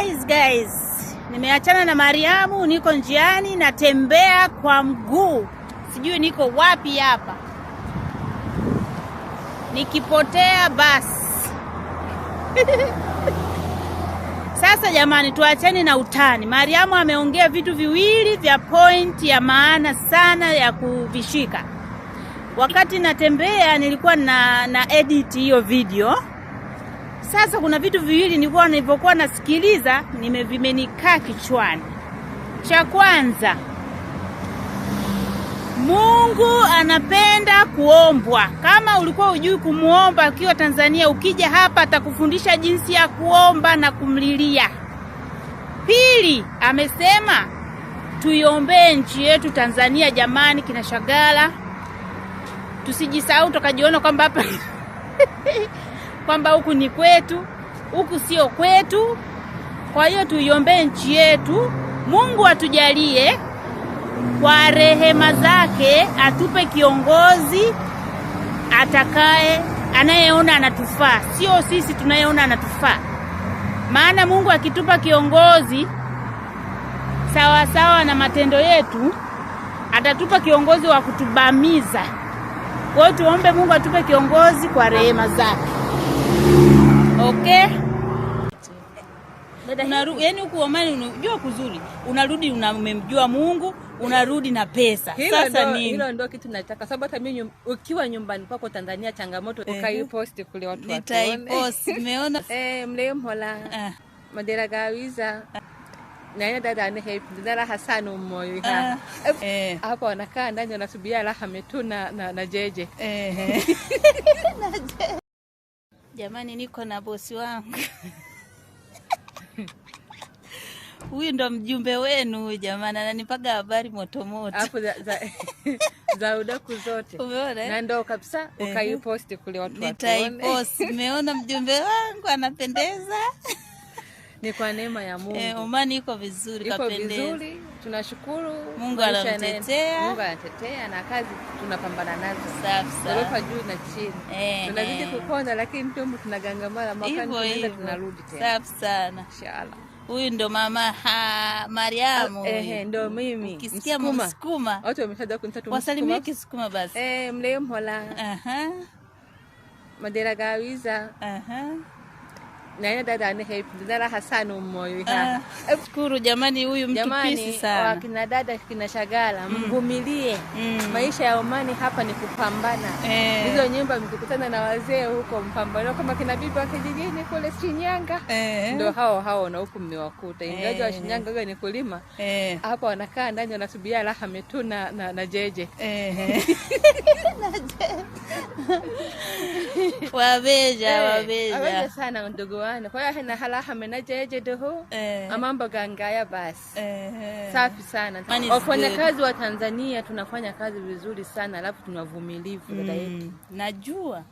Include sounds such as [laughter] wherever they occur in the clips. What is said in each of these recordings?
Guys, guys, nimeachana na Mariamu, niko njiani, natembea kwa mguu, sijui niko wapi hapa, nikipotea basi. [laughs] Sasa jamani, tuacheni na utani. Mariamu ameongea vitu viwili vya point ya maana sana ya kuvishika. Wakati natembea nilikuwa na, na edit hiyo video sasa kuna vitu viwili nilikuwa nilivyokuwa nasikiliza nimevimenikaa kichwani. Cha kwanza, Mungu anapenda kuombwa. Kama ulikuwa ujui kumuomba ukiwa Tanzania, ukija hapa atakufundisha jinsi ya kuomba na kumlilia. Pili, amesema tuiombee nchi yetu Tanzania. Jamani kina Shagala, tusijisahau tukajiona kwamba hapa [laughs] kwamba huku ni kwetu, huku sio kwetu. Kwa hiyo tuiombee nchi yetu, Mungu atujalie kwa rehema zake, atupe kiongozi atakaye anayeona anatufaa, sio sisi tunayeona anatufaa. Maana Mungu akitupa kiongozi sawa sawa na matendo yetu, atatupa kiongozi wa kutubamiza. Kwa hiyo tuombe Mungu atupe kiongozi kwa rehema zake. Okay? Yaani yani huku Omani unajua kuzuri, unarudi unamemjua Mungu, unarudi na pesa. Hilo sasa ndo, nini? Hilo ndio kitu nataka, sababu hata mimi ukiwa nyumbani kwako Tanzania changamoto eh, ukaiposti kule watu watu nitaipost Nimeona [laughs] eh mlee mhola. Eh. ah. madera gawiza ah. naina dada ne help dada hasanu moyo ah. eh. hapo wanakaa ndani wanasubia raha metu na, na, na jeje eh. [laughs] [laughs] na jeje Jamani, niko na bosi wangu [laughs] huyu ndo mjumbe wenu huyu, jamani, ananipaga habari motomoto hapo za, za, [laughs] za udaku zote, umeona eh? na ndo kabisa ukaiposti kule watu nitaiposti. Umeona mjumbe wangu anapendeza, [laughs] ni kwa neema ya eh, Mungu. Eh, Omani iko vizuri, kapendeza vizuri tunashukuru Mungu anamtetea, Mungu anatetea na kazi tunapambana nazo safi sana, ghorofa juu na chini eh, eh. tunazidi eh, kukonda lakini tumbo tunagangamana, mwakani tunarudi tena. Safi sana inshallah. Huyu ndo mama ha, Mariamu. ah, Ehe, ndo mimi. Ukisikia Msukuma. Watu wameshaanza kunitatu Wasalimie Kisukuma basi. Eh, mleo mhola. Aha. Madera gawiza. Aha naenda dada nihepindana raha sana umoyo ha. Eh. Shukuru jamani, huyu pisi sana kina dada kina Shagala, mm. mvumilie mm. mm. maisha ya Omani hapa ni kupambana eh. hizo eh. nyumba mkikutana na wazee huko mpambano kama kina bibi wa kijijini kule Shinyanga eh. ndio hao hao na huku mmewakuta ingawa eh. wa Shinyanga wao ni kulima hapa wanakaa ndani wanasubia raha metu na, na, na jeje eh. [laughs] wabeja wabeja, wabeja sana ndugu amani kwa hiyo na jeje doho eh, amamba gangaya basi eh, safi sana kazi wa Tanzania tunafanya kazi vizuri sana alafu tunavumilivu dada mm. yetu najua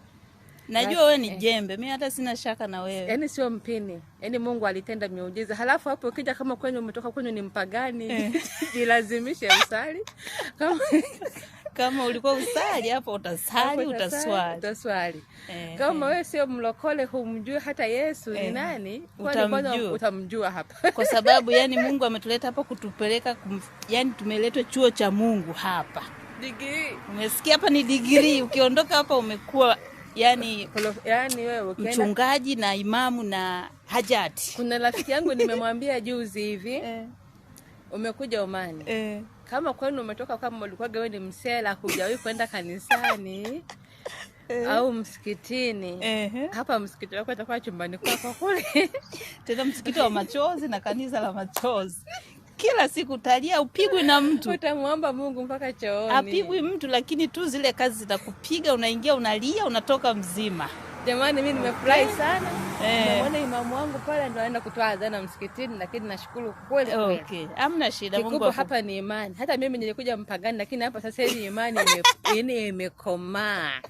Najua wewe ni eh. jembe, mimi hata sina shaka na wewe. Yaani sio mpini. Yaani Mungu alitenda miujiza. Halafu hapo ukija kama kwenye umetoka kwenye ni mpagani, eh. [laughs] jilazimishe usali. Kama [laughs] Kama ulikuwa usali hapo utasali utaswali, utaswali. Eh, kama eh. wewe sio mlokole humjui hata Yesu ni eh, nani utamjua, utamjua hapa [laughs] kwa sababu yani Mungu ametuleta hapa kutupeleka kum, yani tumeletwa chuo cha Mungu hapa digrii. Umesikia hapa ni digrii, ukiondoka hapa umekuwa yani, yani wewe mchungaji na imamu na hajati. Kuna rafiki yangu nimemwambia juzi hivi [laughs] umekuja Omani kama kwenu umetoka kama ulikuwaga wewe ni msela hujawahi kwenda kanisani eh. au msikitini hapa msikiti wako itakuwa chumbani kwako kule [laughs] tena msikiti wa machozi na kanisa la machozi kila siku utalia, upigwi na mtu, utamwomba Mungu mpaka chooni, apigwi mtu, lakini tu zile kazi zitakupiga, unaingia unalia, unatoka mzima. Jamani, mimi nimefurahi eh. sana eh. Naona imamu wangu pale ndo anaenda kutoa adhana msikitini, lakini nashukuru kweli kweli. Okay, hamna shida. Mungu hapa ni imani. Hata mimi nilikuja mpagani, lakini hapa sasa hivi imani [laughs] imekomaa.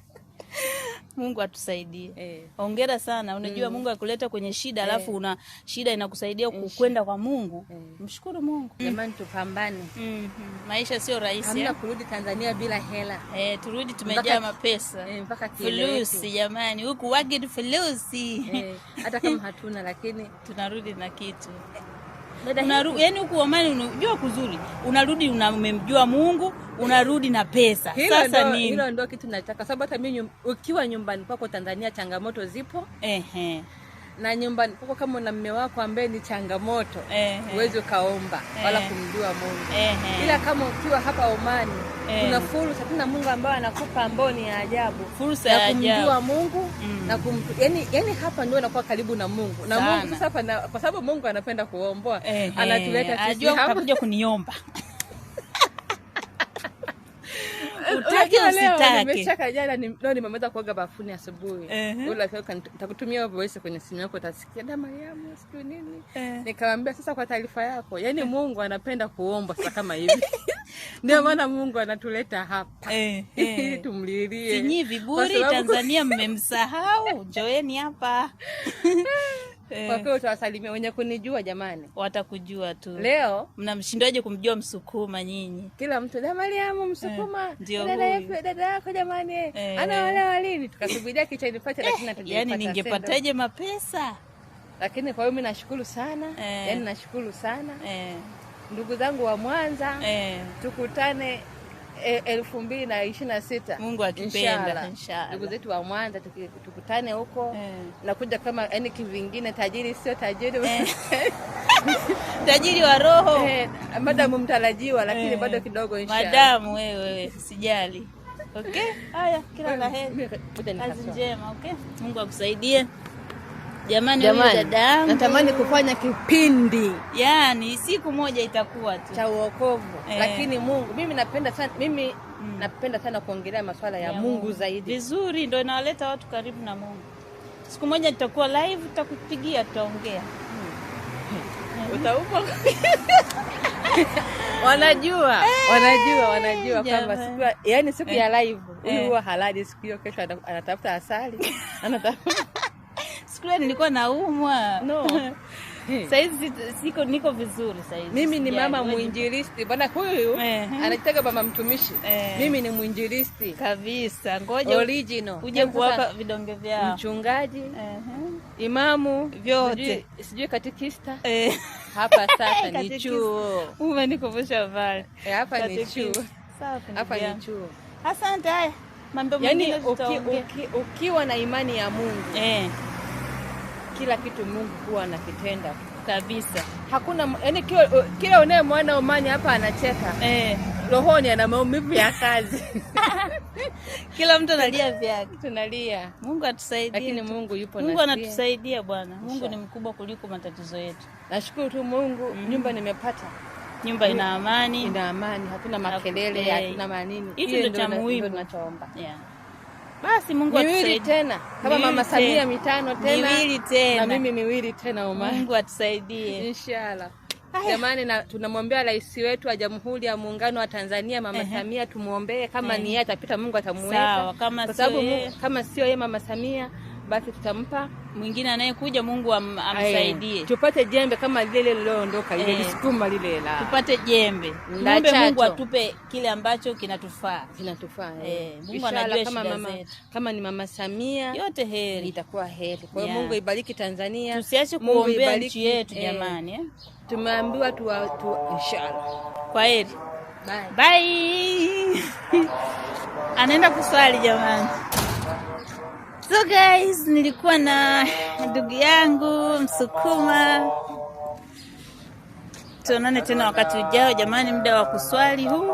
Mungu atusaidie. Eh. Hongera sana. Unajua mm. Mungu akuleta kwenye shida eh. alafu eh. una shida inakusaidia eh. kukwenda kwa Mungu. Eh. Mshukuru Mungu. Mm. Jamani mm. tupambane. Mm -hmm. Maisha sio rahisi. Hamna eh. kurudi Tanzania bila hela. Eh, turudi tumejaa mapesa. Eh, mpaka fulusi jamani. Huku wage fulusi. Eh. Hata kama hatuna lakini [laughs] tunarudi na kitu yani huku Omani unajua kuzuri, unarudi umemjua Mungu, unarudi na pesa. Hilo sasa ndo, nini? Hilo ndio kitu nataka, sababu hata mimi ukiwa nyumbani kwako Tanzania changamoto zipo ehe na nyumbani kwako kama una mume wako ambaye ni changamoto, huwezi ukaomba wala kumjua Mungu, ila kama ukiwa hapa Omani eh. kuna fursa tena Mungu ambayo anakupa ambayo ni ya ajabu, fursa ya kumjua Mungu mm. na kum, yani, yani hapa ndio anakuwa karibu na Mungu na Sana. Mungu sasa pana, kwa sababu Mungu anapenda kuomboa eh, eh, anatuleta eh, sisi hapa kuja kuniomba [laughs] utake usitake. Nimechaka jana ni, leo nimemaliza kuoga bafuni asubuhi. Uh-huh. Ula nitakutumia voice kwenye simu yako utasikia da Mariamu siku nini. Uh-huh. Nikamwambia sasa, kwa taarifa yako, yani Mungu anapenda kuomba sasa kama hivi [laughs] ndio maana Mungu anatuleta hapa eh, [laughs] eh. tumlilie. Sinyi viburi Tanzania, mmemsahau njoeni hapa [laughs] Eh. Kwa kweli utawasalimia wenye kunijua jamani. Watakujua tu. Leo mnamshindaje kumjua Msukuma nyinyi? Kila mtu da Mariamu eh, Msukuma. Eh. Ndio dada yako dada yako jamani. Eh. Anaolewa lini? Tukasubiria kicha inipate eh, lakini eh. yani ningepataje mapesa? Lakini kwa hiyo mimi nashukuru sana. Eh. Yaani nashukuru sana. Eh ndugu zangu wa Mwanza e. tukutane E, elfu mbili na ishirini na sita Mungu akipenda, inshallah ndugu zetu wa Mwanza tukutane huko eh. Nakuja kama yani kivingine, tajiri sio tajiri eh. [laughs] tajiri wa roho eh, madamu mtarajiwa, lakini eh. bado kidogo inshallah, madamu wewe, sijali. Okay, haya, kila la heri, kazi njema. Okay, Mungu akusaidie. Jamani, jamani, natamani kufanya kipindi yani siku moja itakuwa tu cha uokovu e. Lakini Mungu mimi napenda sana mimi mm. napenda sana kuongelea masuala ya, ya Mungu, Mungu zaidi. Vizuri, ndio inawaleta watu karibu na Mungu. Siku moja nitakuwa live, tutakupigia, tutaongea hmm. Hmm. utaupa [laughs] wanajua wanajua wanajua kwamba siku yaani siku ya eh. live huyu eh. huwa halali siku hiyo, kesho anatafuta asali [laughs] anatafuta siku nilikuwa naumwa no. [laughs] [laughs] Saizi siko niko vizuri saizi. Mimi ni mama mwinjilisti bwana, huyu eh. anajitaga mama mtumishi. Eh. Mimi ni mwinjilisti kabisa. Ngoja original uje kuwapa vidonge vyao, mchungaji, eh, imamu, vyote sijui katikista hapa. Sasa ni chuo, Ume niko vosha vale. Eh, Hapa ni chuo, hapa ni chuo. Asante. mambo yaani mengine, yani ukiwa na imani ya Mungu Eh kila kitu Mungu huwa anakitenda kabisa. Hakuna yani, kila, kila unayemwona Omanya hapa anacheka eh, rohoni ana maumivu ya kazi [laughs] kila mtu analia vyake, tunalia. Mungu atusaidie, lakini Mungu yupo, Mungu anatusaidia bwana. Mungu ni mkubwa kuliko matatizo yetu. Nashukuru tu Mungu mm. Nyumba nimepata nyumba ina amani, ina amani, hatuna makelele, hatuna manini. Hicho ndio cha muhimu tunachoomba, yeah. Basi Mungu atusaidie tena kama miwili mama Samia mitano tena. Miwili tena. Na mimi miwili tena Omar. Mungu atusaidie. Inshallah. Jamani, na tunamwombea rais wetu wa Jamhuri ya Muungano wa Tanzania mama uh-huh. Samia, tumwombee kama uh-huh. ni yeye atapita, Mungu atamuweka, kwa sababu kama sio yeye mama Samia, basi tutampa mwingine anayekuja, Mungu am, amsaidie, tupate jembe kama lile liloondoka ile lisukuma lile la tupate jembe. Tuombe Mungu atupe kile ambacho kinatufaa, kinatufaa. E, Mungu anajua kama mama, zetu. kama ni mama Samia, yote heri itakuwa heri. Kwa hiyo yeah. Mungu ibariki Tanzania, tusiache kuombea nchi yetu eh. jamani eh. Tumeambiwa tu inshallah, kwa heri, bye, bye. [laughs] Anaenda kuswali jamani. So guys, nilikuwa na ndugu yangu Msukuma. Tuonane tena wakati ujao jamani, muda wa kuswali huu.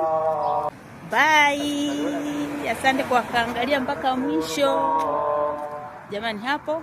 Bye. Asante kwa kaangalia mpaka mwisho jamani hapo